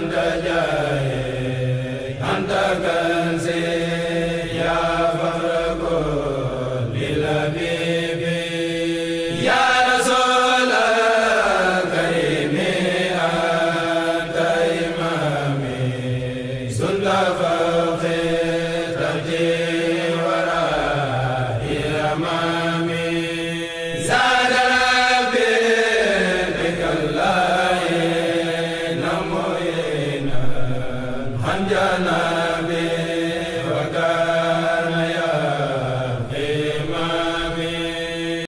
anta jaay anta jana